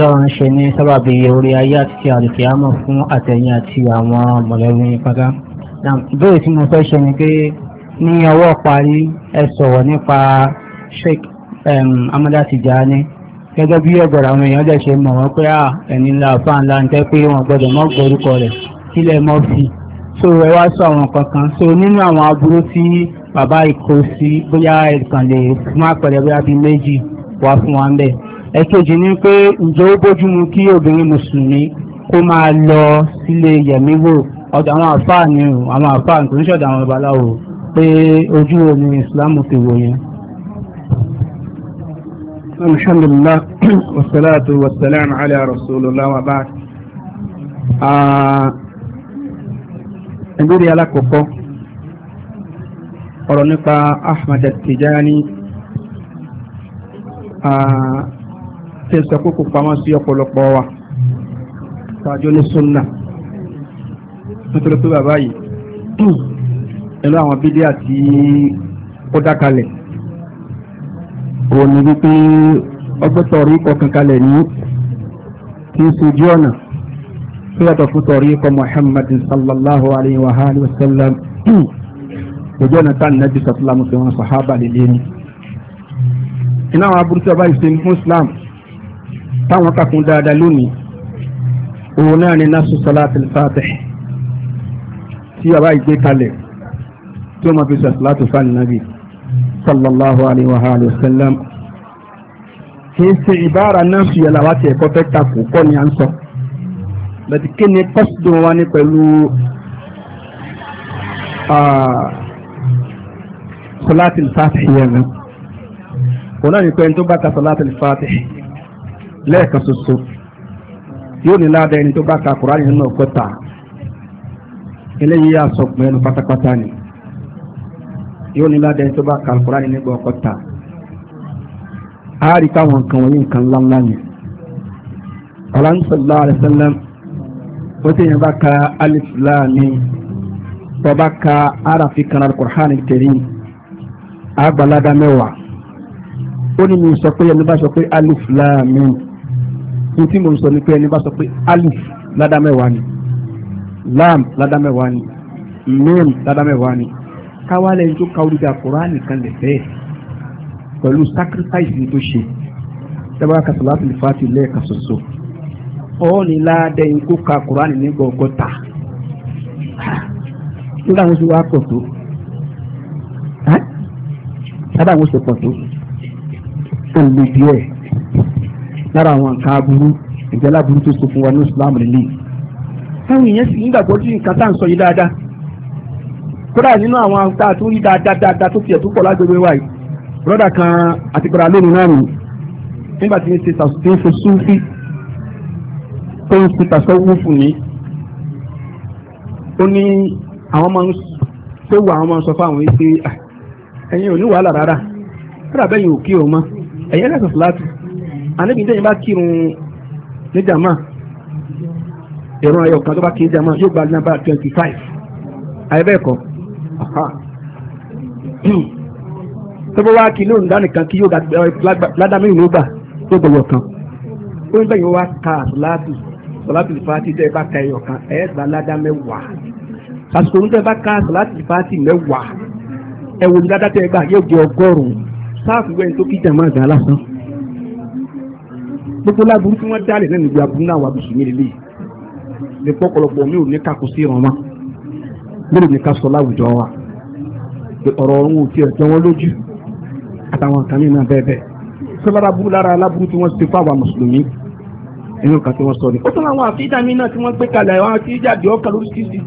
lọ́run ṣe ní sábàbí orí ayé àti àlùkìyámọ̀ fún àtẹ̀yìn àti àwọn mọ̀lẹ́bí pátá. ìbéèrè tí mo fẹ́ ṣe ni pé ní ọwọ́ parí ẹ sọ̀rọ̀ nípa Sheikh Amada Tijani gẹ́gẹ́ bí ọ̀gọ̀rọ̀ àwọn èèyàn dẹ̀ ṣe mọ̀ wọ́n pé à ah, ẹni ńlá ọ̀fà ńlá ń tẹ́ pé wọ́n gbọ́dọ̀ mọ́ gbórúkọ rẹ̀ sílẹ̀ mọ́ fi so ẹ wá sọ àwọn kankan so nínú àwọn aburú tí bàbá ìkó sí bóyá ẹ̀kan fún àpẹẹrẹ bóyá bíi méjì wá fún wa ń bẹ̀ ẹ̀kejì ni pé ǹjẹ́ ó bójú mu kí obìnrin mùsùlùmí kó máa lọ sílé yẹ̀míwò ọ̀dọ̀ àwọn àfáà ni àwọn àfáà kò ní ṣọ̀dọ̀ àwọn babaláwo pé ojú wo ni ìsìlámù ti wò yẹn. alhamdulillah wasalaatu wasalaam ala rasulillah wa baad. ìbéèrè alákọ̀ọ́kọ́ ọ̀rọ̀ nípa Ahmad Tijani tí ń sọ pé kò pamọ́ sí ọ̀pọ̀lọpọ̀ wa tàjọ ní sunna nítorí pé bàbá yìí nínú àwọn bídíà tí ó dákalẹ̀ òun ni wípé ọgbẹ́tọ̀ rí kọkàn kalẹ̀ ní kí n sojú ọ̀nà tó yàtọ̀ fún tọ̀rí ikọ̀ Muhammad sallallahu alayhi wa alihi wa sallam ojú ọ̀nà tá nàbí sàtúlámù fi wọn sàhábà lè lé ní. iná àwọn aburú tí ọba ìsinmi fún Islam táwọn kàkún dáadáa lónìí òun náà ni nasu salatul fatih tí a bá gbé kalẹ̀ tí ó máa fi sàtìláàtì fáàlì nàbì sallallahu alayhi wa alayhi wa sallam kì í ṣe ìbára náà fi yàrá wá ti ẹ̀kọ́ fẹ́ takò kọ́ ni à ń sọ bẹ̀tí kí ni kọ́sìdùn wa ní pẹ̀lú salatul fatih yẹn náà òun náà ni pé ẹni tó bá ta salatul fatih. lẹ́ẹ̀kan ṣoṣo yóò ní ládàá ẹni tó bá ka kùránì nínú ọgọ́ta eléyìí àsọgbọ̀n ẹnu pátápátá ni yóò ní ládàá ẹni tó bá ka kùránì nígbà ọgọ́ta a rí káwọn nǹkan wọ̀nyí nǹkan ńláńlá ni aláǹsọ̀lá àlẹ́sẹ̀lẹ́m ó ti yẹn bá ka alifúláàmì tó bá ka arafi kan alukùránì kẹrin àgbàládá mẹ́wàá ó ní mi sọ pé ẹni bá sọ pé ní tí mo sọ ni pé ẹni bá sọ pé alif ládámẹ́wàá ni lam ládámẹ́wàá ni mim ládámẹ́wàá ni káwálẹ̀ ní tó ka orí ga kuraani kan lè bẹ́ẹ̀ pẹ̀lú sacrifice ní tó ṣe dábàá kasalaatu lè fàtí lẹ́ẹ̀ka soso ọ́ ní ládẹ́yìn kó ka kuraani ní gbọ̀ngọ́ta nígbà wọn sì wá pọ̀ tó nígbà wọn sì pọ̀ tó kò lè díẹ̀ lára àwọn nǹkan aburú ìjẹ́lá aburú tó so fún wa ní Islam rẹ̀ léyìí. táwọn èèyàn sì ń gbàgbọ́ ju nǹkan tá à ń sọ yìí dáadáa kódà nínú àwọn nǹkan tó rí dáadáa tó tiẹ̀ tó pọ̀ lágbègbè wa yìí brọ́dà kan àti kọ́ra lónìí náà nìyí nígbà tí ń ṣe tàṣe súnfì tó ń ṣe tàṣe wúfù ní ó ní àwọn máa ń tó wà àwọn máa ń sọ fún àwọn yìí pé ah, ò ní wàhálà rárá kódà bẹ́yìn ò kí òun mọ́ ẹ̀yin ẹ̀dá sọ̀tún láti àníbi tẹ́yìn bá kírun ní jàmá ẹ̀rọ ayọ̀ kan tó bá kí ní jàmá yóò gba nàbà twenty five àyẹ̀bẹ̀ẹ̀kọ́ tó bá wá kí lóun dánìkan kí yóò gba ládàmínú ló gbà tó gbọ̀wọ̀ kan ó ń bẹ̀yìn wá ká àtúláàtù sọláàtì fàátì tẹ́ ẹ bá ka ẹyọ kan ẹ gba ládá mẹ́wàá àsìkò ń tẹ́ ẹ bá ka sọláàtì fàátì mẹ́wàá ẹ wò ní ládá tẹ́ ẹ gbà yóò di ọgọ́rùn-ún sáàfù wẹ́n tó kí jàmá gan lásán gbogbo láburú tí wọ́n dálẹ̀ náà níbi aburú náà wà bùsùnmí lélẹ̀ yìí lè pọ́ ọ̀pọ̀lọpọ̀ mi ò ní kakò sí ìrànwá mi ò ní ká sọ láwùjọ wa ọ̀rọ̀ ọ̀run ò tiẹ̀ jọ wọ́n lójú àtàwọn kan nínú abẹ́ bẹ́ẹ̀ sọ lára burú lára aláburú tí wọ́n ti fún àwa mùsùlùmí inú kan tí wọ́n sọ ni. ó tún àwọn àfíjà mi náà tí wọ́n gbé kalẹ̀ àwọn àfíjà àdìọ́ kan lóríṣiríṣi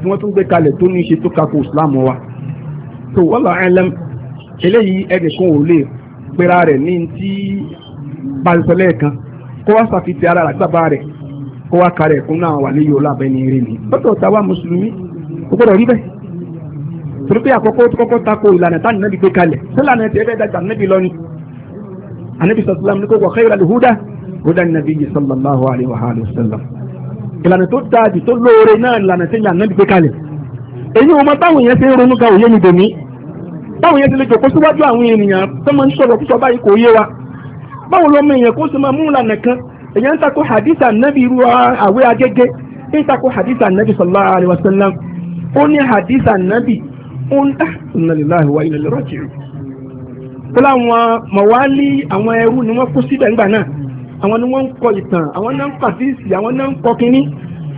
tí wọ́n tún gbé kalẹ̀ tó ní í ṣe tó kakò Islam wa. tó wọ́n lọ ẹlẹ́m eléyìí ẹnìkan ò lè pera rẹ̀ ní ti báyìísọ lẹ́ẹ̀kan kó wá sàfitì ara rà sábà rẹ̀ kó wá karẹ̀ fún náà wà níyò lábẹ́ ní eré ni. lọ́tọ̀ ta wá mùsùlùmí kò gbọ́dọ̀ rí bẹ́ẹ̀ torí pé àkọ́kọ́ kọ́kọ́ tako ìlànà táwọn nàbí gbé kalẹ̀ sílànà tí ẹ bẹ́ẹ̀ dàgbà nàbí lọ́ni anabi sàlám ní kò wà khayral huda huda nàbí sallallahu alayhi wa sallam ìlànà tó dáa jù tó lóore náà ìlànà tí ìlànà nàbí gbé kalẹ̀ èyí wọn táwọn yẹn ti ń ronú ga òye mi dèmí táwọn wa báwo lọ́mọ èèyàn kó sọ ma mú ìlànà kan èèyàn ń takò hadith anabi irú àwẹ̀ agége ń takò hadith anabi sallallahu alayhi wa sallam ó ní hadith anabi ó ń dá ah, inna lillahi wa inna ilaihi raji'un. ó mọ̀wálí àwọn ẹrú ni wọ́n kó síbẹ̀ ńgbà náà àwọn ni wọ́n ń kọ ìtàn àwọn náà ń kọ àfíìsì àwọn náà ń kọ kínní.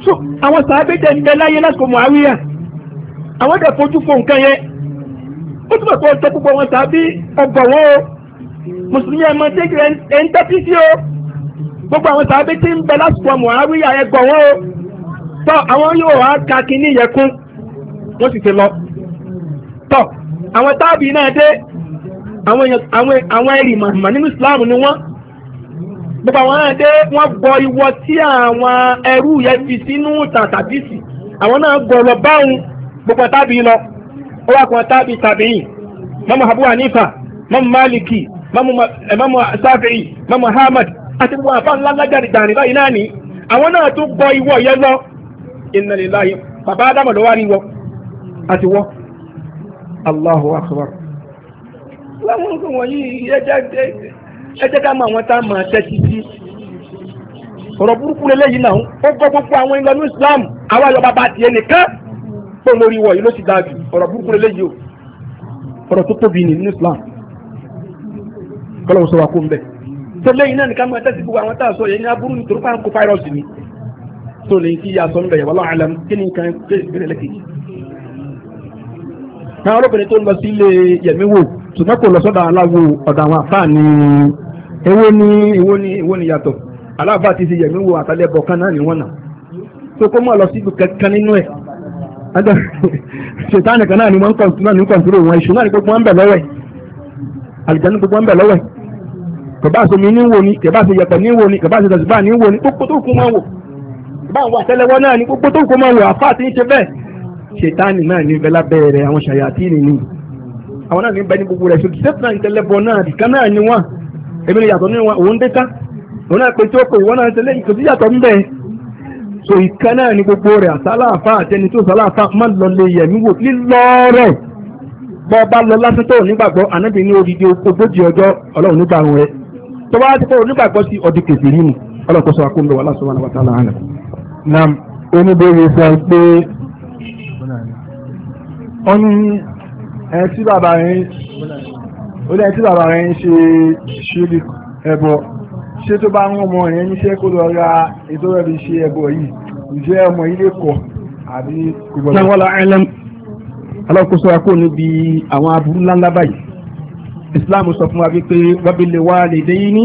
so àwọn sàábé jẹ́ ń bẹ láyé lásìkò Muawiya àwọn dẹ̀ fojú fo nǹkan yẹn ó túbọ̀ pé ọjọ́ púpọ̀ wọn sàábé ọgbọ̀n wọn o. mùsùlùmí ẹ̀ mọ tẹ́kì ẹ̀ ń tẹ́tí sí o gbogbo àwọn sàbí tí ń bẹ lásìkò Muawiya ẹ̀ gbọ̀ wọ́n o tọ́ àwọn yóò wá ka wọ́n sì ti lọ tọ́ àwọn táàbì náà dé àwọn ẹ̀rì màmá nínú Islam ni wọ́n gbogbo àwọn wọ́n gbọ́ ìwọ tí àwọn ẹrú yẹn fi sínú tàtàbísì àwọn náà gbọ́ lọ báwọn gbogbo lọ ó Abu Hanifa. ma maliki mọ́mù sáfìrì mọ́mù hamad àti gbogbo àfa ńlá ńlá jáde dàní báyìí awọn ni àwọn náà iwọ gbọ́ ìwọ yẹn inna lillahi bàbá ádámù wọ àti wọ Allahu akbar. láwọn nǹkan wọ̀nyí ẹ jẹ́ ká mọ àwọn tá a máa tẹ́tí Islam o bi n'i Islam. kọ́lọ́ sọ wa kó ń bẹ̀. tó lẹ́yìn náà nìkan máa tẹ̀sí gbogbo àwọn tá a sọ yẹn ní aburú ní torí kó fáírọ́ọ̀sì ni tó lè ti yà sọ ń bẹ̀ yẹn wallahu alam kí ni nǹkan kéde lẹ́kẹ̀ẹ́. àwọn olóbìnrin tó ń lọ sí ilé yẹ̀mí wò ṣùgbọ́n kò lọ sọ́dọ̀ aláwo ọ̀dọ̀ àwọn àfáà ni èwo ni èwo ni èwo ni yàtọ̀ aláàbá ti ṣe yẹ̀mí wò àtàlẹ́ bọ̀ kan náà ni wọ́n nà tó kó mọ̀ lọ ni wọ́n ń kọ̀ǹtúrò wọn ìṣúná ni gbogbo wọn kẹ̀bá sọmi ní wo ni kẹ̀bá sọ yẹ̀pẹ̀ ní wo ni kẹ̀bá sọ tẹ̀síbà ní wo ni gbogbo tó kún máa wò bá àwọn àtẹ́lẹwọ́ náà ni gbogbo tó kún máa wò àfa àti ṣe bẹ́ẹ̀ ṣètánì náà ní bẹ́lá bẹ́ẹ̀rẹ̀ àwọn ṣàyàtì nìyí àwọn náà ní bẹ́ẹ̀ ní gbogbo rẹ̀ ṣùgbọ́n sẹ́fù náà ń tẹ́lẹ̀bọ náà ìkan náà ni wọ́n èmi ni yàtọ̀ nínú wọn òun dé òun náà pé tí ó pè wọ́n náà tẹ́lẹ̀ kò sí yàtọ̀ ńbẹ́ so ìkan náà ni gbogbo rẹ̀ àsálàáfà àtẹni tó sálàáfà má lọ lè yẹ̀mí wò lílọ́ rẹ̀ bọ́ bá lọ lásán tó nígbàgbọ́ ànábì ní odidi ogójì ọjọ́ ọlọ́run nígbà rẹ̀ tó bá ti kọ́ onígbàgbọ́ sí ọdí kèfèrí nù ọlọ́kọ́ sọ akóńdọ̀ wà lásán wà tààlà àná. na oníbèrè sọ pé ó ní ẹni tí bàbá rẹ̀ ó ní ẹni tí bàbá rẹ̀ ń ṣe ṣírí ẹbọ ṣé tó bá ń wọ́n ọmọ rẹ̀ níṣẹ́ kó lọ ra ètò rẹ̀ fi ṣe ẹbọ yìí ǹjẹ́ ọmọ ilé kọ̀ àbí kò gbọ́dọ̀. sáwọn ọlọ́kọ́ sọ àwọn aburú ńláńlá báyìí islam sọ fún wa wípé wábìlì wa lè dé ní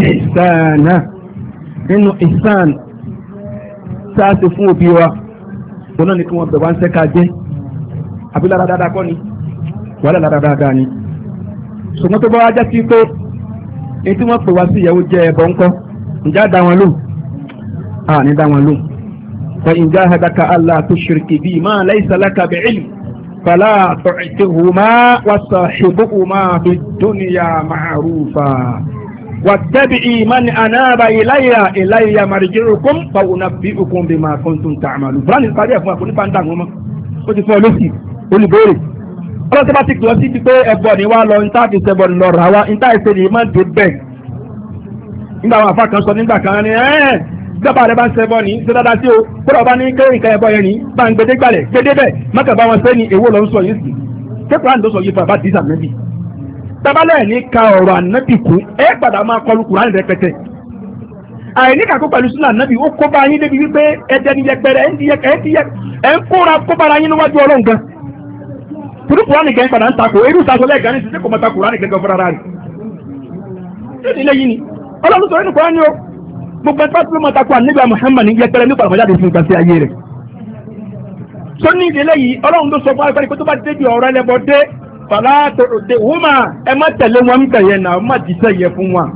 ìsànà nínú ìsàn tá a ṣe fún òbí wa òun náà ni kí wọ́n bẹ̀ wá ń sẹ́ka jẹ́ àbí lára dáadáa kọ́ ni wàhálà lára dáadáa ni ṣùgbọ́n tó bá wá jẹ́ sí pé èyí tí wọ́n pè wá sí ìyàwó jẹ́ ẹ̀bọ̀ ńkọ́ ǹjẹ́ àdá wọn lò à dá wọn lò wọ́n ìjà àdàkà Allah tushiriki bíi máa laysa laka فلا تعتهما وصاحبهما في الدنيا معروفا واتبعي من أناب إلي إلي مرجعكم فأنبئكم بما كنتم تعملون فلان ìpàdé ẹ̀fún ẹ̀fún nípa ń dàgbọ́n mọ́ ó ti fún ọ lóṣì olùbéèrè ọlọ́run tó bá ti kìlọ̀ sí ti pé ẹ̀bọ ni wá lọ níta àti ìṣẹ̀bọ ni lọ rà wá níta ìṣe ni má dé bẹ́ẹ̀ nígbà àwọn àfa kan sọ nígbà kan ni ẹ́ẹ́ dábàá rẹ bá ń sẹ́bọ̀ ní ṣe dáadáa sí o kúrò ọba ní kéré nǹkan ẹ̀bọ yẹn ní bá ń gbedé gbalẹ̀ gbedé bẹ́ẹ̀ mọ́kà bá wọn sẹ́ ni èwo lọ ń sọ yìí sí kékeré àdó sọ yìí fún àbájáde ànábì tábàlẹ̀ ní ka ọ̀rọ̀ ànábì kú ẹ padà máa kọlu kùránì rẹpẹtẹ àìní kàkó pẹ̀lú súnà ànábì ó kó bá yín débi wípé ẹdẹ ni yẹpẹrẹ ẹ ń di yẹ ẹ ń o kó bára yín níwájú ọlọ́run gan torí kùránì gan padà ń takò eré ìtasọ lẹ́ẹ̀kan ní sísè kò mọ̀ ta kùránì gan gan fúnra rẹ̀ ṣé ìdílé yìí ni ọlọ́run sọ̀rọ̀ nìkan ni ó gbogbo ẹgbẹ́ tó máa takò àníbà Muhammad ní yẹpẹrẹ nípa àwọn jáde fún ìgbàsí ayé rẹ̀. tó ní ìdílé yìí ọlọ́run tó sọ fún akẹ́kọ̀ọ́ pé tó bá débi ọ̀rọ̀ ẹlẹ́bọ dé fàlàtò òde wúmà ẹ má tẹ̀lé wọn ń bẹ̀yẹ náà má jíṣẹ́ yẹ fún wọn.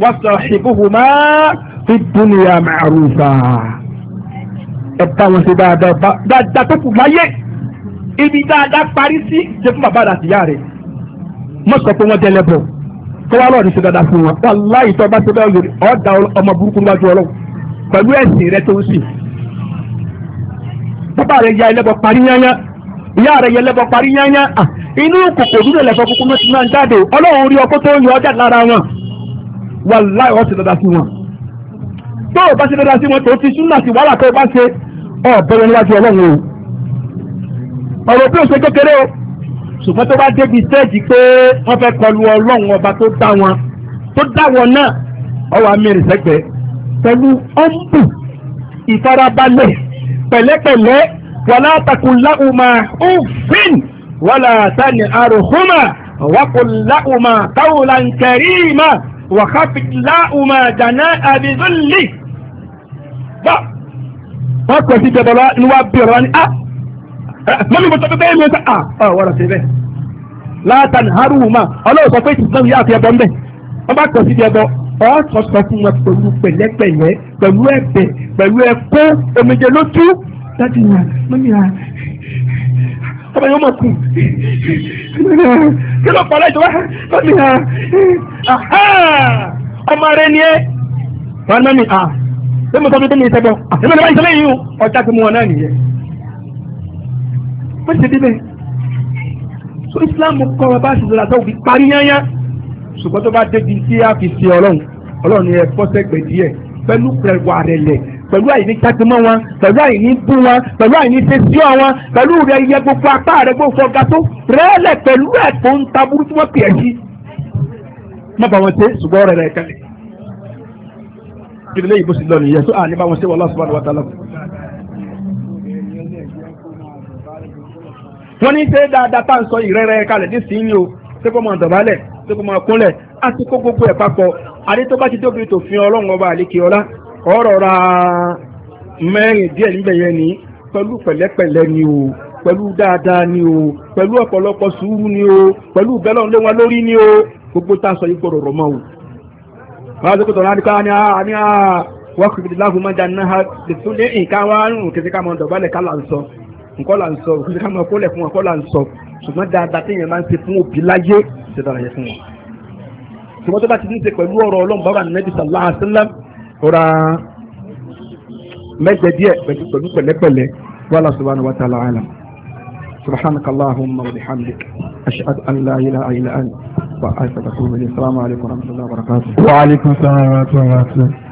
wọ́n sọ ìbúhùmá fi dúnìyà màrúfà. ẹ bá wọn ṣe dáadáa dáadáa tó kù láyé ibi dáadáa parí sí ṣe fún bàbá àti ìyá rẹ̀ mọ̀ sọ pé wọ́n dẹ́lẹ́bọ̀ kọ́wá ní ṣe fún wọn wàláyé tó bá lórí ọ̀dà ọmọ burúkú níwájú ọlọ́run pẹ̀lú ẹ̀sìn rẹ tó ń sìn. bàbá rẹ ya ẹlẹ́bọ parí yányá ìyá rẹ ya ẹlẹ́bọ parí yányá inú kòkò dúró lẹ̀fọ́ kúkú náà ti máa ń jáde ọlọ́run rí ọkọ tó ń yọ ọjà lára wọn wàláyé ó ṣe dáadáa fún wọn. tó o bá sí wọn tó ti wàhálà tó o bá ṣe ọ̀ níwájú ọlọ́run o ọ̀rọ̀ bí o ṣe kékeré o ṣùgbọ́n tó bá débi sẹ́ẹ̀jì pé wọ́n fẹ́ kọlu ọlọ́run ọba tó dá wọn tó dá wọn náà ọwọ́ amẹ́rin sẹ́gbẹ́ pẹ̀lú ọ̀nbù ìfarabalẹ̀ pẹ̀lẹ́pẹ̀lẹ́ wàlá àtàkùn láhùmá òfin wàlá àtàní àròhùmá wàkùn láhùmá káwùlà nkẹrìmá wàkàfi láhùmá jàná àbíjúlì. bá wọn kọ sí ìjọba wa ni wàá bí ọ̀rọ̀ wa ni ah mọ́mí mo sọ pé bẹ́ẹ̀ mi sọ ah wọ́n ṣe bẹ́ẹ̀ látàn haruma ọlọ́run sọ pé ìsìnkú yà fi ẹbọ ń bẹ̀ wọ́n bá kọ̀ sí ibi ẹbọ ọ̀ọ́sọ̀ sọ fún wọn pẹ̀lú pẹ̀lẹ́pẹ̀lẹ́ pẹ̀lú ẹ̀bẹ̀ pẹ̀lú ẹ̀kọ́ omijé lójú láti yàn mọ́mí à ọmọ yóò mọ̀ kù kí ló pọ̀ láìjọ wá mọ́mí à ọmọ rẹ ni ẹ wọn mọ́mí à ẹ mọ̀ sọ pé bẹ́ẹ̀ ni ìṣẹ́bọ̀ àti ah, mọ́mí bá ìṣẹ́lẹ̀ yìí ọjà ti mú wọn náà nìyẹn wọ́n ti ṣe débẹ̀ so Islam kọ́ ọ bá ṣùgbọ́n àtàwọn òbí parí yányá ṣùgbọ́n tó bá débi tí a fi ṣe ọlọ́run ọlọ́run ni ẹ fọ́ sẹ́gbẹ̀ẹ́ díẹ̀ pẹ̀lú pẹ̀lú àrẹ̀lẹ̀ pẹ̀lú àìní jágbémọ́ wọn pẹ̀lú àìní bú wọn pẹ̀lú àìní fèsì wọn pẹ̀lú rẹ yẹ gbogbo apá rẹ gbogbo ọ̀gá tó rẹ́ẹ̀lẹ̀ pẹ̀lú ẹ̀ tó ń ta burúkú wọn pè é sí. má bá wọn ṣe ṣùgbọ́n rẹ̀ rẹ̀ kalẹ̀. kí ni lẹ́yìn bó ṣe lọ nìyẹn tó à ní bá wọn ṣe wọlé ọ̀ṣun wọn ni wọ́n ta lọ́kùn. wọ́n ní ṣe dáadáa tá à ń sọ ìrẹ́rẹ́ kalẹ̀ ní sìn yìí o ṣé kó máa dọ̀bálẹ̀ ṣé kó gbogbo ẹ̀ papọ̀ tó bá ti tóbi tó fi ọlọ́run ọba ọlá ọ̀rọ̀ ra mẹ́rin díẹ̀ ni o pẹ̀lú dáadáa ni o pẹ̀lú ọ̀pọ̀lọpọ̀ sùúrù ni o pẹ̀lú bẹ́lọ̀ lé wọn ni o nǹkan là ń sọ òkúta ká máa kólẹ̀ fún wọn nǹkan là ń sọ ṣùgbọ́n dáadáa téèyàn máa ń ṣe fún òbí láyé ṣe dára yẹ fún wọn. ṣùgbọ́n tó bá ti ní ṣe pẹ̀lú ọ̀rọ̀ ọlọ́run bàbá nàbí sallallahu alaihi wasallam rọra mẹ́jẹ díẹ̀ pẹ̀lú pẹ̀lẹ́pẹ̀lẹ́ wàhálà subhanahu wa ta'ala alam subhanaka allahumma wa wa astaghfiruka wa atubu wa barakatuh wa alaikum assalam wa rahmatullahi wa barakatuh